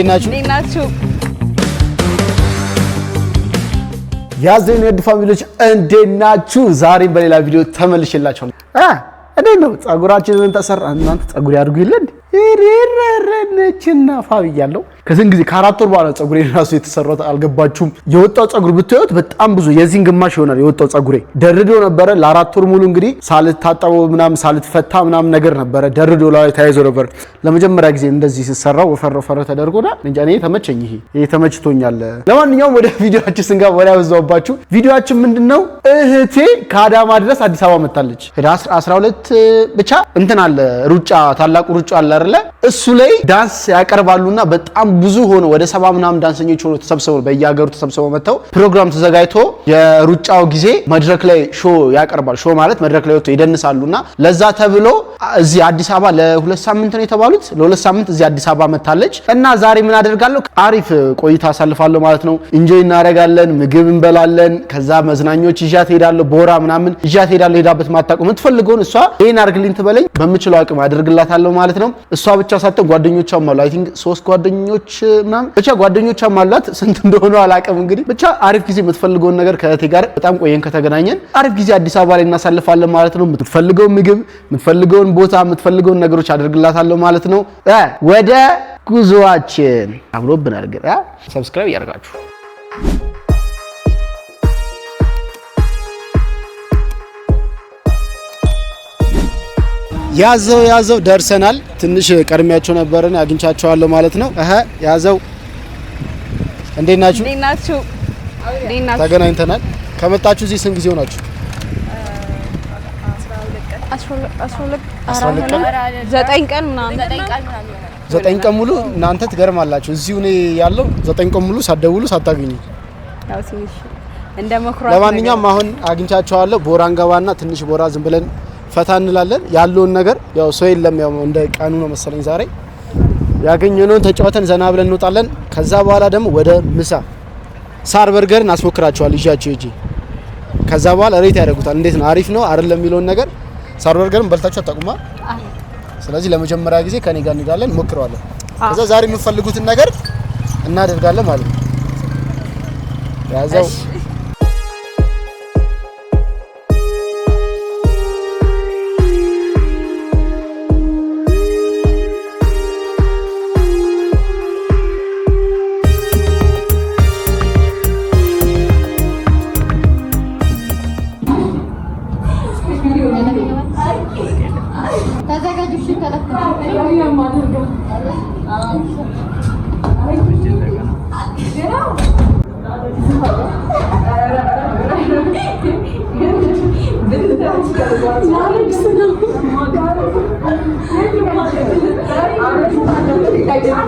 እንዴት ናችሁ? እንዴት ናችሁ? ያዘኝ ፋሚሊዎች እንዴት ናችሁ? ዛሬም በሌላ ቪዲዮ ተመልሼላችኋል። አ እንዴት ነው ጸጉራችንን ተሰራ እናንተ ጸጉር ያድርጉ ይለን ይረረነችና ፋብ እያለው ከዚህን ጊዜ ከአራት ወር በኋላ ፀጉሬ ራሱ የተሰራት አልገባችሁም። የወጣው ፀጉር ብታዩት በጣም ብዙ የዚህን ግማሽ ይሆናል የወጣው ፀጉሬ። ደርዶ ነበረ ለአራት ወር ሙሉ እንግዲህ ሳልታጠበው ምናምን ሳልትፈታ ምናምን ነገር ነበረ ደርዶ ላይ ተያይዞ ነበር። ለመጀመሪያ ጊዜ እንደዚህ ሲሰራው ወፈር ወፈር ና እንጃ እኔ ተመቸኝ። ይሄ ይሄ ተመችቶኛል። ለማንኛውም ወደ ቪዲዮአችን ስንገባ ወደ ቪዲዮችን ምንድን ነው? እህቴ ከአዳማ ድረስ አዲስ አበባ መታለች። ህዳር 12 ብቻ እንትን አለ ሩጫ ታላቁ ሩጫ አለ አይደለ? እሱ ላይ ዳንስ ያቀርባሉና በጣም ብዙ ሆኖ ወደ ሰባ ምናምን ዳንሰኞች ሆኖ ተሰብስበው በየሀገሩ ተሰብስበው መጥተው ፕሮግራም ተዘጋጅቶ የሩጫው ጊዜ መድረክ ላይ ሾ ያቀርባል። ሾ ማለት መድረክ ላይ ወጥቶ ይደንሳሉ እና ለዛ ተብሎ እዚህ አዲስ አበባ ለሁለት ሳምንት ነው የተባሉት። ለሁለት ሳምንት እዚህ አዲስ አበባ መታለች እና ዛሬ ምን አደርጋለሁ? አሪፍ ቆይታ አሳልፋለሁ ማለት ነው። እንጆይ እናደርጋለን፣ ምግብ እንበላለን። ከዛ መዝናኞች ይዣት ሄዳለሁ፣ ቦራ ምናምን ይዣት ሄዳለሁ። ሄዳበት ማታውቀው የምትፈልገውን እሷ ይህን አድርግልኝ ትበለኝ፣ በምችለው አቅም አድርግላታለሁ ማለት ነው። እሷ ብቻ ሳትሆን ጓደኞቿም አሉ። አይ ቲንክ ሶስት ጓደኞች ጓደኞች ምናምን ብቻ ጓደኞቿ አሏት ስንት እንደሆነ አላውቅም። እንግዲህ ብቻ አሪፍ ጊዜ የምትፈልገውን ነገር ከእህቴ ጋር በጣም ቆየን ከተገናኘን አሪፍ ጊዜ አዲስ አበባ ላይ እናሳልፋለን ማለት ነው። የምትፈልገውን ምግብ፣ የምትፈልገውን ቦታ፣ የምትፈልገውን ነገሮች አድርግላታለሁ ማለት ነው። ወደ ጉዞዋችን አምሮብን ግን ሰብስክራይብ እያደርጋችሁ ያዘው ያዘው ደርሰናል። ትንሽ ቀድሚያቸው ነበርን አግኝቻቸዋለሁ ማለት ነው። እህ ያዘው እንዴት ናችሁ? ተገናኝተናል። ከመጣችሁ እዚህ ስንት ጊዜ ሆናችሁ? ዘጠኝ ቀን ዘጠኝ ቀን ሙሉ እናንተ ትገርማላችሁ። እዚሁ እኔ ያለው ዘጠኝ ቀን ሙሉ ሳትደውሉ ሳታገኙ ለማንኛውም አሁን አግኝቻቸዋለሁ። ቦራ እንገባና ትንሽ ቦራ ዝም ብለን ፈታ እንላለን። ያለውን ነገር ያው ሰው የለም ያው እንደ ቀኑ ነው መሰለኝ ዛሬ ያገኘነውን ተጫወተን ዘና ብለን እንወጣለን። ከዛ በኋላ ደግሞ ወደ ምሳ ሳር በርገርን አስሞክራቸዋል ይዣቸው እጂ ከዛ በኋላ ሬት ያደርጉታል። እንዴት ነው አሪፍ ነው አይደለም የሚለውን ነገር ሳር በርገርን በልታችሁ አታውቁማ። ስለዚህ ለመጀመሪያ ጊዜ ከኔ ጋር እንሄዳለን፣ ሞክረዋለን። ከዛ ዛሬ የምፈልጉትን ነገር እናደርጋለን ማለት ነው። i you.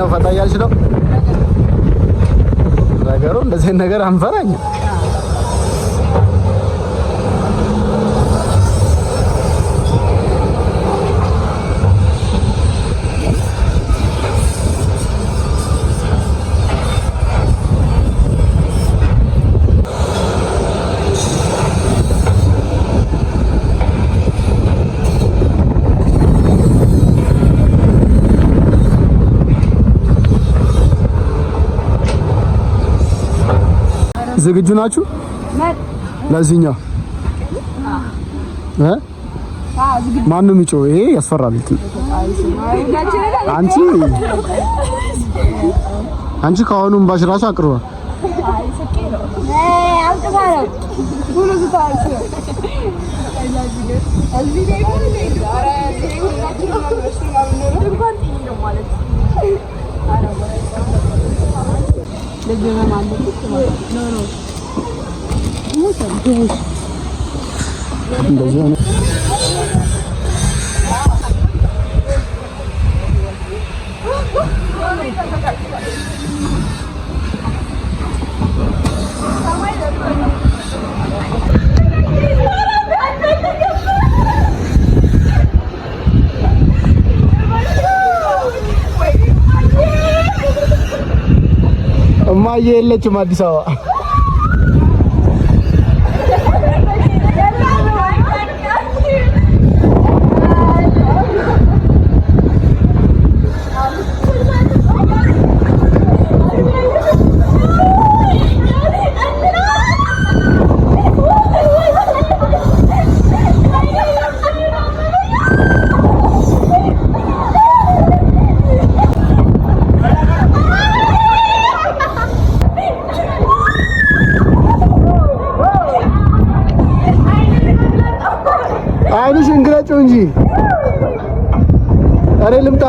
ነው ፈታ እያልሽ ነው ነገሩ። እንደዚህ ነገር አንፈራኝ ዝግጁ ናችሁ? ለዚህኛው እ ማነው የሚጮህ? ይሄ ያስፈራል። አንቺ አንቺ ከአሁኑም ባሽ ራሱ አቅርቧል። Did you remember? No, no. What a gosh. Doesn't Thank you. እማዬ የለችም አዲስ አበባ አስገባቸው እንጂ እኔ ልምጣ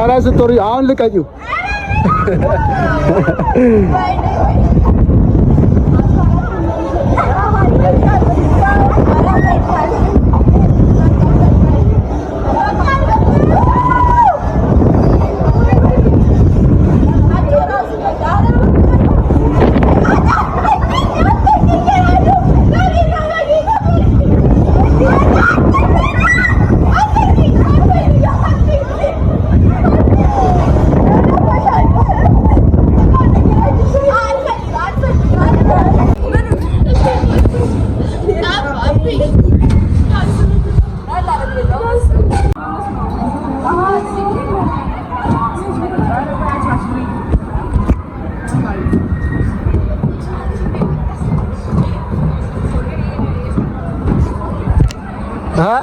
ከላይ ስትወርጂ አሁን ልቀቂው።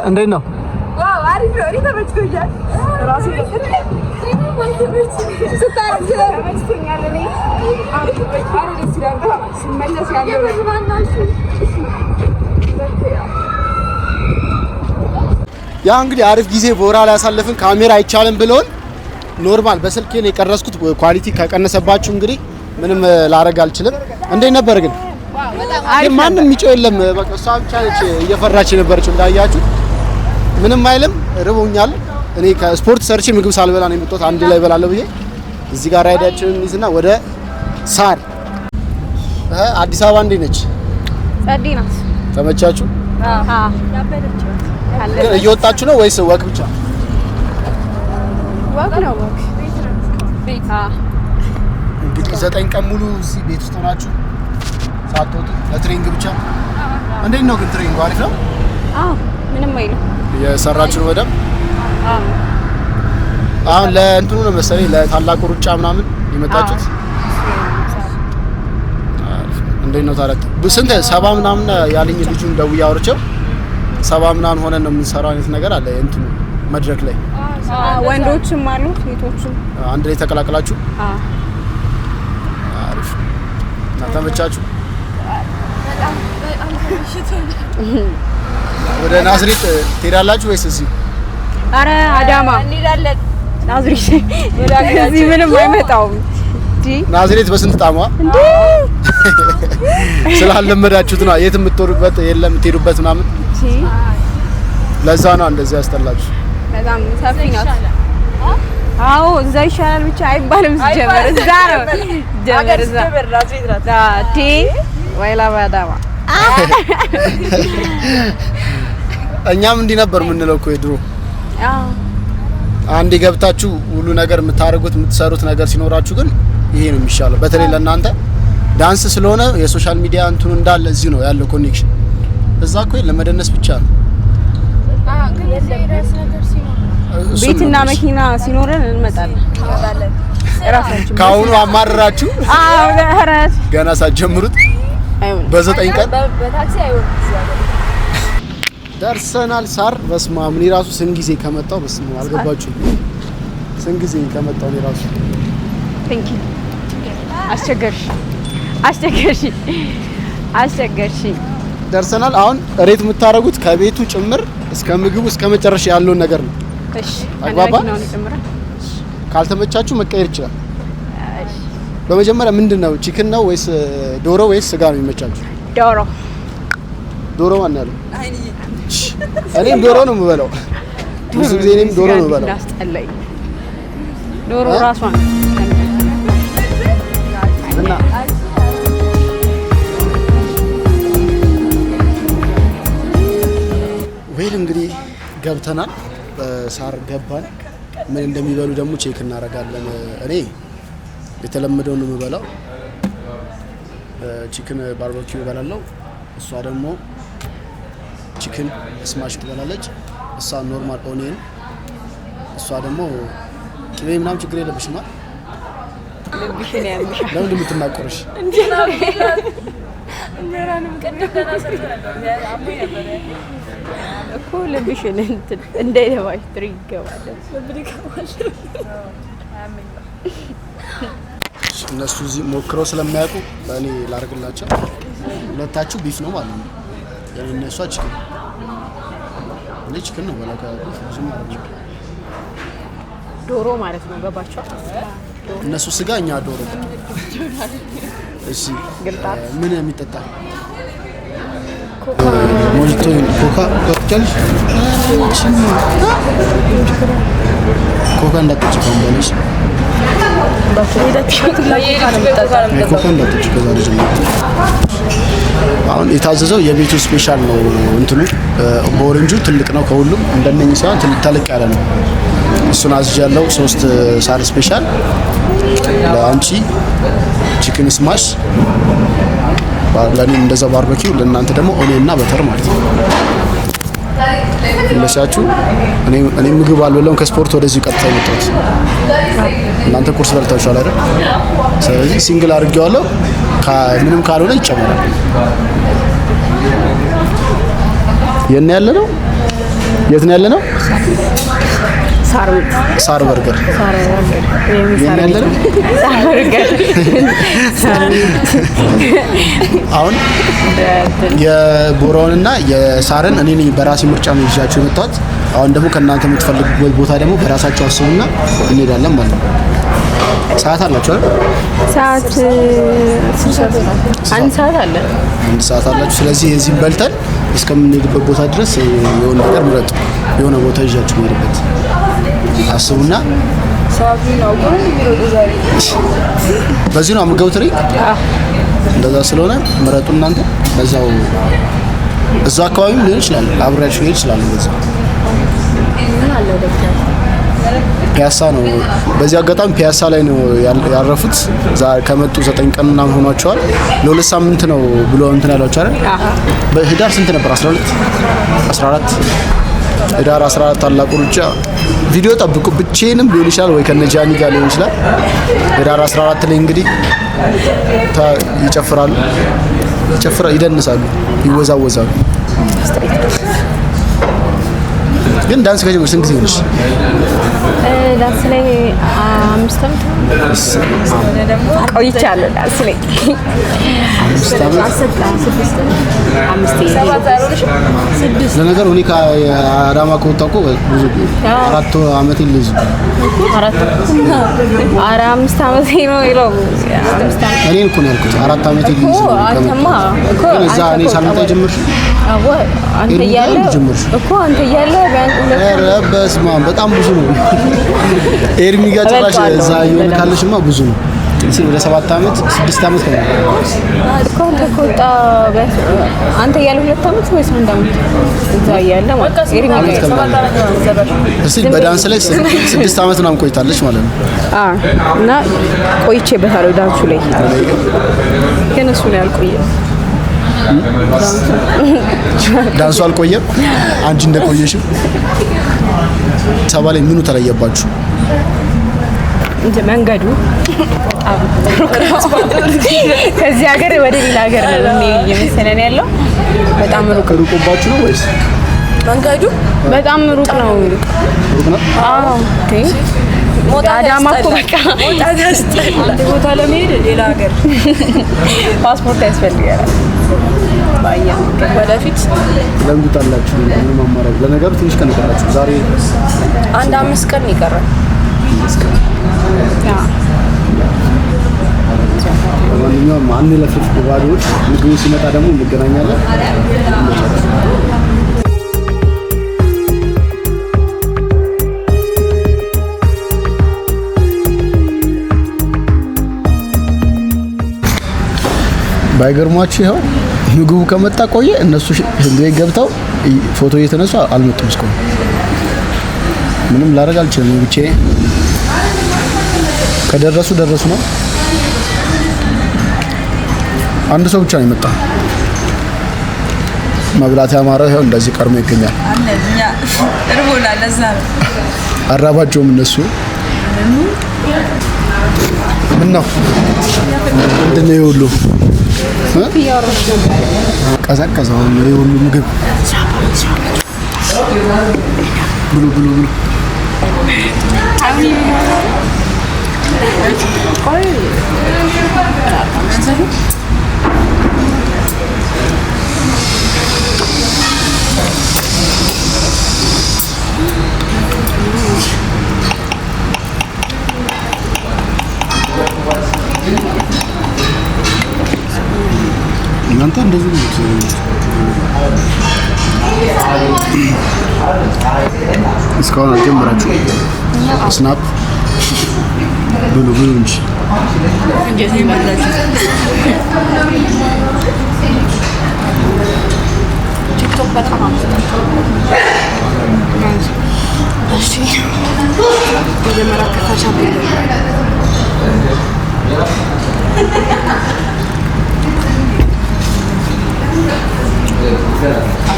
እንዴት ነው? ያ እንግዲህ አሪፍ ጊዜ ቦራ ላይ ያሳለፍን። ካሜራ አይቻልም ብለውን ኖርማል በስልኬ ነው የቀረስኩት። ኳሊቲ ከቀነሰባችሁ እንግዲህ ምንም ላረግ አልችልም። እንዴት ነበር ግን? ማንም የሚጮህ የለም። በቃ እሷ ብቻ ነች እየፈራች የነበረችው እንዳያችሁ። ምንም አይልም፣ ርቦኛል። እኔ ከስፖርት ሰርቼ ምግብ ሳልበላ ነው የመጣሁት። አንድ ላይ እበላለሁ ብዬ እዚህ ጋር ራይዳችንን ይዝና ወደ ሳር አዲስ አበባ እንዴት ነች? ጸዲ ናት። ተመቻችሁ? አዎ። እየወጣችሁ ነው ወይስ ወክ ብቻ? ወክ ነው። ወክ ቤት ነው። ቤት። ዘጠኝ ቀን ሙሉ እዚህ ቤት ውስጥ ሆናችሁ ሳትወጡ ለትሬኒንግ ብቻ። እንዴት ነው ግን ትሬኒንግ አሪፍ ነው? አዎ ምንም አይልም። የሰራችሁ ነው በደምብ? አዎ አሁን ለእንትኑ ነው መሰለኝ ለታላቁ ሩጫ ምናምን የመጣችሁት። እንዴት ነው ታዲያ? ስንት ሰባ ምናምን ያለኝ ልጁን ደውዬ አውርቼው ሰባ ምናምን ሆነን ነው የምንሰራው አይነት ነገር አለ እንትኑ መድረክ ላይ ወንዶችም አሉ ሴቶችም አንድ ላይ ተቀላቅላችሁ። አሪፍ ተመቻችሁ? ወደ ናዝሬት ትሄዳላችሁ ወይስ እዚህ? አረ አዳማ እንሄዳለን። ናዝሬት እዚህ ምንም አይመጣውም። ናዝሬት በስንት ጣሟ ስላለመዳችሁት ነው። የት የምትወሩበት የለም የምትሄዱበት ምናምን ለዛ ነው እንደዚህ ያስጠላችሁ። አዎ እዛ ይሻላል ብቻ አይባልም። ሲጀመር እዛ ነው ጀመር እዛ ወይላባዳማ እኛም እንዲህ ነበር የምንለው እኮ የድሮ አንዴ ገብታችሁ ሁሉ ነገር የምታደርጉት የምትሰሩት ነገር ሲኖራችሁ ግን ይሄ ነው የሚሻለው። በተለይ ለእናንተ ዳንስ ስለሆነ የሶሻል ሚዲያ እንትኑ እንዳለ እዚህ ነው ያለው ኮኔክሽን። እዛ እኮ ለመደነስ ብቻ ነው። ቤትና መኪና ሲኖረን እንመጣለን። ከአሁኑ አማርራችሁ ገና ሳትጀምሩት በዘጠኝ ቀን ደርሰናል። ሳር በስመ አብ እኔ እራሱ ስንት ጊዜ ከመጣሁ በስመ አብ አልገባችሁ። ስንት ጊዜ ከመጣሁ እኔ እራሱ አስቸገርሽ አስቸገርሽ አስቸገርሽ። ደርሰናል። አሁን እሬት የምታደርጉት ከቤቱ ጭምር እስከ ምግቡ እስከ መጨረሻ ያለውን ነገር ነው። አግባባ። ካልተመቻችሁ መቀየር ይችላል። በመጀመሪያ ምንድን ነው ቺክን ነው ወይስ ዶሮ ወይስ ስጋ ነው የሚመቻችሁ? ዶሮ ዶሮ ማን ያለው? እኔም ዶሮ ነው የምበላው። ብዙ ጊዜ እኔም ዶሮ ነው የምበላው። ዶሮ ራሷ እና ወይል እንግዲህ ገብተናል። ሳር ገባን። ምን እንደሚበሉ ደግሞ ቼክ እናደርጋለን እኔ የተለመደው ነው የምበላው ቺክን ባርበኪው እበላለሁ። እሷ ደግሞ ቺክን ስማሽ ትበላለች። እሷ ኖርማል ኦኒየን፣ እሷ ደግሞ ቅቤ ምናምን ችግር የለብሽ ማ ለምን የምትናቆርሽ? እኮ ልብሽን እንትን እንዳይደባሽ ትሪ ይገባል። እነሱ እዚህ ሞክረው ስለማያውቁ እኔ ላርግላቸው። ሁለታችሁ ቢፍ ነው ማለት ነው። እነሱ ችክን እኔ ችክን ነው በላ ዶሮ ማለት ነው። ገባቸው እነሱ ስጋ፣ እኛ ዶሮ። እሺ ምን የሚጠጣ ሞልቶ ኮካ ጠጥቻለሽ? ኮካ እንዳጠጭ ከሆን በለሽ አሁን የታዘዘው የቤቱ ስፔሻል ነው። እንትኑ በኦሬንጁ ትልቅ ነው ከሁሉም እንደነኝህ ሳይሆን ተልቅ ያለ ነው። እሱን አዝዣለሁ። ሶስት ሳር ስፔሻል ለአንቺ ቺክን ስማሽ ለእኔ እንደዛ ባርበኪው ለእናንተ ደግሞ ኦኔ እና በተር ማለት ነው። መለሳችሁ። እኔ ምግብ አልበላም። ከስፖርት ወደዚህ ቀጥታ የመጣሁት እናንተ ቁርስ በልታችኋል አይደል? ስለዚህ ሲንግል አድርጌዋለሁ። ምንም ካልሆነ ይጨመራል። የት ነው ያለ ነው? የት ነው ያለ ነው? ሳር በርገር አሁን የቦራውንና የሳርን እኔ በራሴ ምርጫ ነው ይዣቸው የመጣሁት። አሁን ደግሞ ከእናንተ የምትፈልጉበት ቦታ ደግሞ በራሳቸው አስቡና እንሄዳለን ማለት ነው። ሰዓት አላችሁ አይደል? ሰዓት አንድ ሰዓት አለ። አንድ ሰዓት አላችሁ። ስለዚህ የዚህም በልተን እስከምንሄድበት ቦታ ድረስ የሆነ ነገር ምረጡ። የሆነ ቦታ ይዣችሁ መሄድበት አስቡና በዚህ ነው አምገው ትሪ እንደዛ ስለሆነ ምረጡ እናንተ በዛው እዛ አካባቢም ሊሆን ይችላል፣ አብሬያችሁ ሊሆን ይችላል። በዛ ፒያሳ ነው። በዚህ አጋጣሚ ፒያሳ ላይ ነው ያረፉት። ከመጡ ዘጠኝ ቀን ምናምን ሆኗቸዋል። ለሁለት ሳምንት ነው ብሎ እንትን ያሏቸው አይደል? በህዳር ስንት ነበር? 12 14 ህዳር 14 ታላቁ ሩጫ ቪዲዮ ጠብቁ። ብቼንም ሊሆን ይችላል ወይ ከነጃኒ ጋር ሊሆን ይችላል። ህዳር 14 ላይ እንግዲህ ይጨፍራሉ፣ ይጨፍራ ይደንሳሉ፣ ይወዛወዛሉ። ግን ዳንስ ከጀመርሽ ስንት ጊዜ ሆነሽ? ዳንስ ላይ አምስት ዓመት ቆይቻለሁ። ለነገሩ እኔ ከአዳማ ከወጣሁ እኮ ብዙ አራት ዓመቴ ልይዝ እኔን እኮ ነው ያልኩት። አራት ዓመቴ ልይዝ እዛ እኔ ሳልመጣ ጀመርሽ እኮ በጣም ብዙ ነው ኤርሚ ጋር እዛ እየሆነ ካለሽማ ብዙ ነው። ሲ ወደ ሰባት አመት ስድስት አመት ከሆነ እኮ አንተ እያለ ሁለት አመት ወይስ አንድ ነው። በዳንስ ላይ ስድስት አመት ምናምን ቆይታለች ማለት ነው። እና ቆይቼበታለሁ ዳንሱ ላይ ግን እሱ ላይ አልቆየም። ዳንሱ አልቆየም። አንቺ እንደቆየሽም ሰባ ላይ ምኑ ተለየባችሁ? እንጂ መንገዱ ከዚህ ሀገር ወደ ሌላ ሀገር ነው እየመሰለን ያለው። በጣም ሩቅ ሩቆባችሁ ነው ወይስ መንገዱ በጣም ሩቅ ነው? ሩቅ ነው። አዎ ኦኬ አዳማ እኮ በቃ አንድ ቦታ ለመሄድ ሌላ ሀገር ፓስፖርት ያስፈልጋል። ወደፊት ለምን ትውጣላችሁ? ለነገሩ ትንሽ ቀን ይቀራችሁ። ዛሬ አንድ አምስት ቀን ይቀራል። ለማንኛውም አን ለፍፍ ባዶዎች ምግቡ ሲመጣ ደግሞ እንገናኛለን። ባይገርሟችሁ ይኸው ምግቡ ከመጣ ቆየ። እነሱ ሽንት ቤት ገብተው ፎቶ እየተነሱ አልመጡም። እስካሁን ምንም ላደርግ አልችልም ብቻዬን ከደረሱ ደረሱ ነው። አንድ ሰው ብቻ ነው የመጣ። መብላት ያማረ ይኸው እንደዚህ ቀርሞ ይገኛል። አራባቸውም እነሱ ምን ነው ምንድን ነው የሁሉ ቀዘቀዘው የሁሉ ምግብ ብሉ ብሉ ብሉ ቆይ እናንተ እንደዚህ ነው። እስካሁን አልጀመራችሁ ስናፕ Böyle buyurmuş. Gezeyim ben de. TikTok bakamam. Ben şey... Böyle merak kaçan bir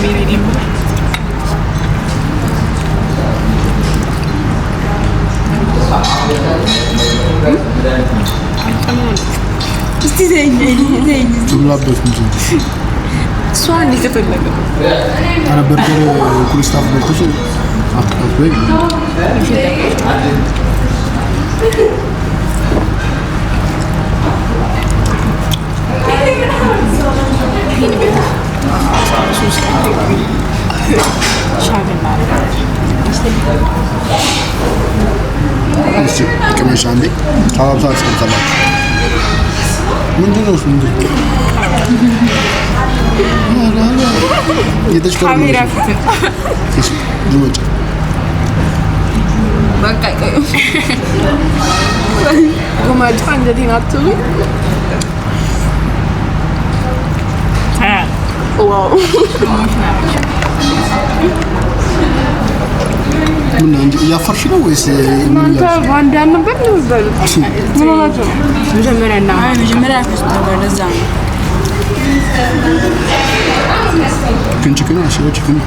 Amin edeyim. İşte zengin, zengin. Turlar dökmüşüm. Soğan ne kadar Hani bir kere okul istafı dökmüşü. Ah, ah, böyle. Şarkı ben. İşte bir Misli, Kemeşendi. Kahvaltı açtım sabah. Mıncır olsun diyor. Hala hala. Yedi çıkarım. Kahve rafti. Kesin. Cumhurcu. Bak kay kay. Kumar tüfen dediğin attı. Wow. ምን እንጂ እያፈርሽ ነው ወይስ እናንተ ባንድ ያልነበር ነው? ምን ሆናችሁ ነው? መጀመሪያ እና አይ መጀመሪያ ያፈርሽ ነበር። ለዛ ነው ቺክን ቺክን አሽሮ ቺክን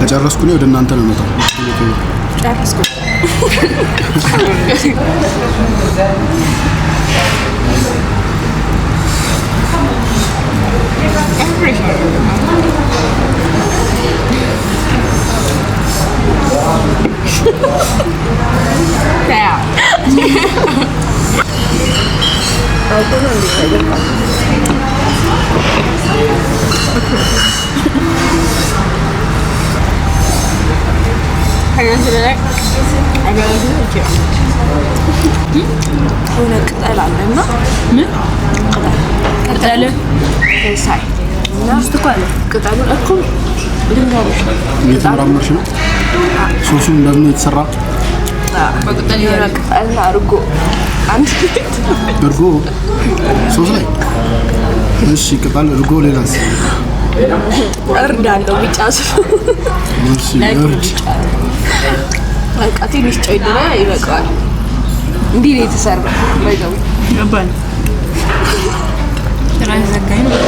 ከጨረስኩ እኔ ወደ እናንተ ነው መጣው። that is good. Everything. I'll put on the ከእናንተ በላይ የሆነ ቅጠል አለ እና ምን ቅጠል ሳይ እየተመራመርሽ ነው። ሶሱ እንደምን የተሰራ እርጎ ሶስ ላይ እሺ፣ ቅጠል እርጎ፣ ሌላስ? እርድ አለው ብቻ በቃ ትንሽ ጨው ይደረግ እንዲህ ነው የተሰራ። ባይገቡ ይገባል። ራይ ዘጋኝ ነው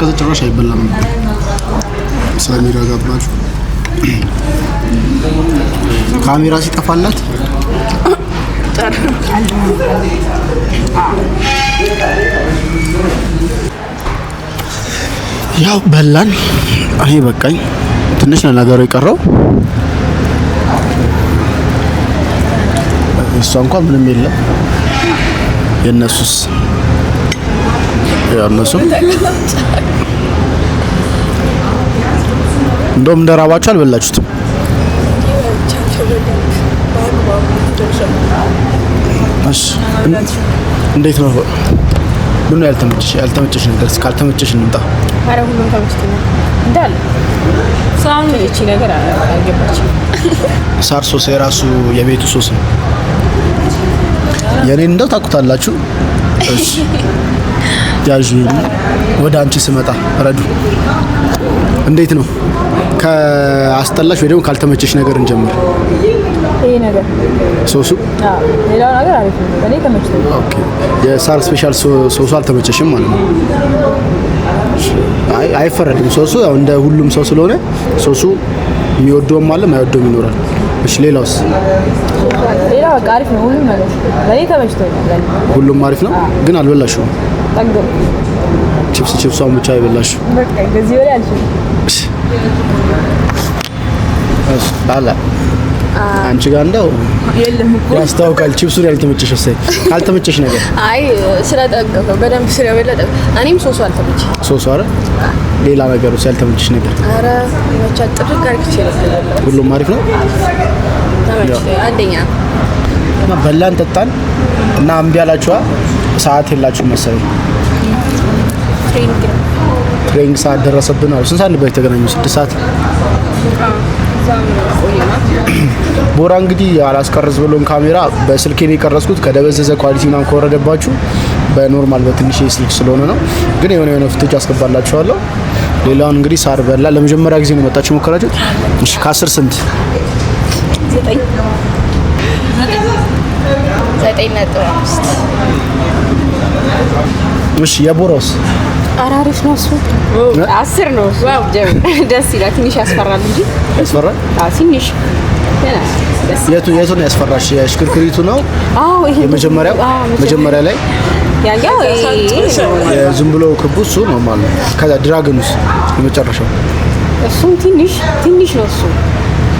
ቀይ ጭራሽ አይበላም ካሜራ ሲጠፋላት ያው በላን። አይ በቃኝ። ትንሽ ነው ነገሩ የቀረው። እሷ እንኳን ምንም የለም። የእነሱስ እነሱም እንደውም እንደራባችሁ አልበላችሁትም። እንዴት ነው? ምን ያልተመቸሽ ያልተመቸሽ ነገር እስካልተመቸሽ እንምጣ ኧረ ሁሉም ተመችቶኝ እንዳለ አሁን እቺ ነገር አልገባችም። ሳር ሶስ የራሱ የቤቱ ሶስ ነው። የኔን እንደው ታውቁታላችሁ። ያዥ ወደ አንቺ ስመጣ ረዱ እንዴት ነው? ከአስጠላሽ ወይ ደግሞ ካልተመቸሽ ነገር እንጀምር። ይሄ ነገር ሶሱ ሌላው ነገር አሪፍ ነው። እኔ ተመችቶኝ። ኦኬ የሳር ስፔሻል ሶሱ አልተመቸሽም ማለት ነው። አይፈረድም። ሶሱ ያው እንደ ሁሉም ሰው ስለሆነ ሶሱ የሚወደውም አለ ማይወደውም ይኖራል። እሺ፣ ሌላውስ? ሌላው በቃ አሪፍ ነው ሁሉም ነገር ለኔ ተመችቶኛል። ሁሉም አሪፍ ነው ግን አልበላሽው። ጠግብ ቺፕስ ቺፕሷን ብቻ አይበላሽው። በቃ አልሽ እሺ አላ አንቺ ጋር እንደው የለም እኮ ያስታውቃል። ቺፕሱን ያልተመቸሽ እሰይ ካልተመቸሽ ነገር አይ ስለጠገብከው በደንብ ስለበለጠ እኔም ሶሱ አልተመቸኝ። ሶሱ አረ ሌላ ነገር ነገሩ ያልተመቸሽ ነገር አረ ብቻ ጥብቅ አርክቼ ነው። ሁሉም አሪፍ ነው። አንደኛ በላን ጠጣን እና እምቢ አላችኋ። ሰዓት የላችሁ መሰለኝ ትሬኒንግ ሰዓት ደረሰብን። አሁን ስንት ሰዓት ነበር የተገናኙ? ስድስት ሰዓት ቦራ እንግዲህ አላስቀርዝ ብሎን ካሜራ በስልኬን የቀረጽኩት ከደበዘዘ ኳሊቲ ምናምን ከወረደባችሁ በኖርማል በትንሽ ስልክ ስለሆነ ነው። ግን የሆነ የሆነ ፍትጅ አስገባላችኋለሁ። ሌላውን እንግዲህ ሳር በላ ለመጀመሪያ ጊዜ ነው መጣችሁ ሞከራችሁት? እሺ፣ ከአስር ስንት? እሺ፣ የቦራውስ አራሪፍ ነው እሱ አስር ነው። ደስ ይላል። ትንሽ ያስፈራል እንጂ ያስፈራል ትንሽ የቱ የቱ ነው ያስፈራሽ? የሽክርክሪቱ ነው? አዎ፣ ይሄ መጀመሪያው መጀመሪያ ላይ ያኛው ዝም ብሎ ክቡ እሱ ነው ማለት ነው። ከዛ ድራግኑስ የመጨረሻው እሱ ትንሽ ትንሽ ነው እሱ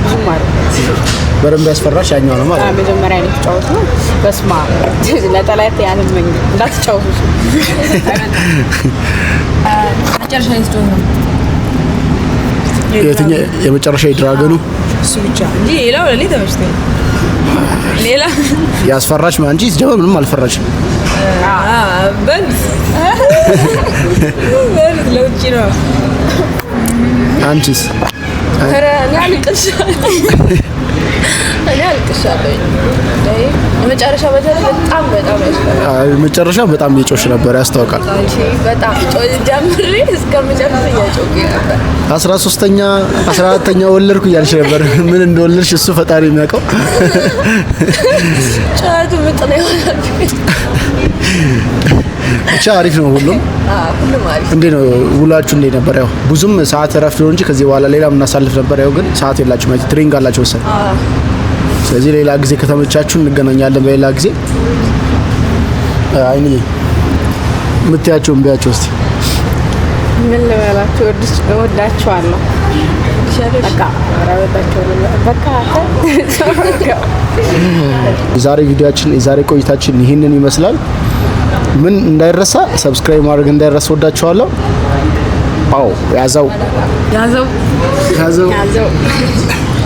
ብዙም አይደለም። በደንብ ያስፈራሽ ያኛው ነው ማለት ነው። መጀመሪያ ላይ ተጫወቱ ነው። በስማ ለጠላት ያልመኝ እንዳትጫወቱ መጨረሻ ላይ ስትሆን ነው የትኛው የመጨረሻ የድራገኑ እሱ ብቻ እንጂ ሌላው ለኔ ተመችቶኝ ሌላ ያስፈራች ምንም አልፈራች። አንቺስ እኔ አልቅሻለሁ። መጨረሻ በጣም እየጮሽ ነበር ያስታውቃል። አስራ ሶስተኛ አስራ አራተኛ ወለድኩ እያልሽ ነበር። ምን እንደወለድሽ እሱ ፈጣሪ የሚያውቀው። ብቻ አሪፍ ነው ሁሉም። እንዴ ነው ውላችሁ? እንዴ ነበር? ያው ብዙም ሰዓት እረፍት ነው እንጂ ከዚህ በኋላ ሌላ የምናሳልፍ ነበር። ያው ግን ሰዓት የላችሁ ትሬኒንግ አላችሁ ወሰን ስለዚህ ሌላ ጊዜ ከተመቻችሁ እንገናኛለን። በሌላ ጊዜ አይኔ የምትያቸው እንቢያቸው እስቲ ምን ልበላችሁ? እወዳችኋለሁ። የዛሬ ቪዲዮችን የዛሬ ቆይታችን ይህንን ይመስላል። ምን እንዳይረሳ ሰብስክራይብ ማድረግ እንዳይረሳ። ወዳችኋለሁ። አዎ ያዘው ያዘው ያዘው